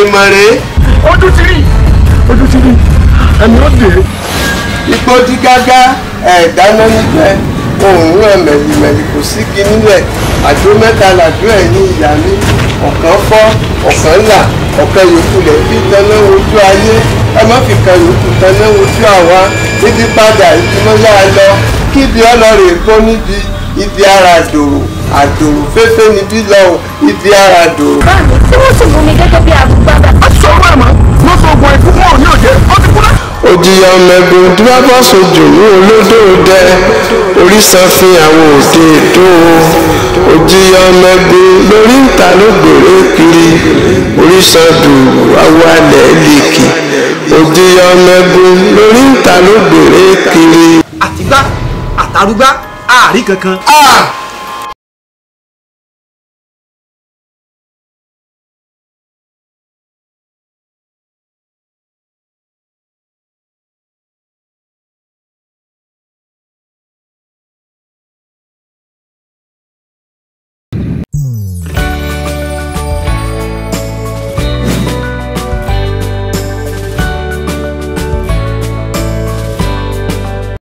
èèmọ̀ rèé. ojú ti rí ojú ti rí ẹni ó dé. ipò di gágá ẹ̀ẹ́dáná níbẹ̀ òun rẹ̀ mẹ̀lìmẹ̀lì kò sí igi nílẹ̀ àdó mẹ́ta làdó ẹ̀yìn ìyá mi ọ̀kan fọ́ ọ̀kan là ọ̀kan yòókù lẹ̀ fi tanná ojú ayé ẹ má fi kan yòókù tanná ojú àwa ibi padà ìdímọ́yá lọ kíbi ọlọ́rẹ̀ kó níbi ibi ara dòrò àdòrò fẹ́fẹ́ níbí lọ ibi ara dòrò. báwo tí wọ́n sì mú mi gẹ́gẹ́ bí àbúrò lọ́wọ́ ẹ̀ mọ́ ló so oògùn ikú fún òní òjé ó ti kú náà. òjìyà ọmọẹgbẹ́ òdúrábọ̀ sojò ní olódòdẹ oríṣan fi àwọn òde tó òjìyà ọmọẹgbẹ́ lórí ìta ló gbòòrè kiri oríṣan dùrù awọ alẹ̀ lèkì òjìyà ọmọẹgbẹ́ lórí ìta ló gbòòrè kiri. àtìgbà àtàrúgbà àárí kankan.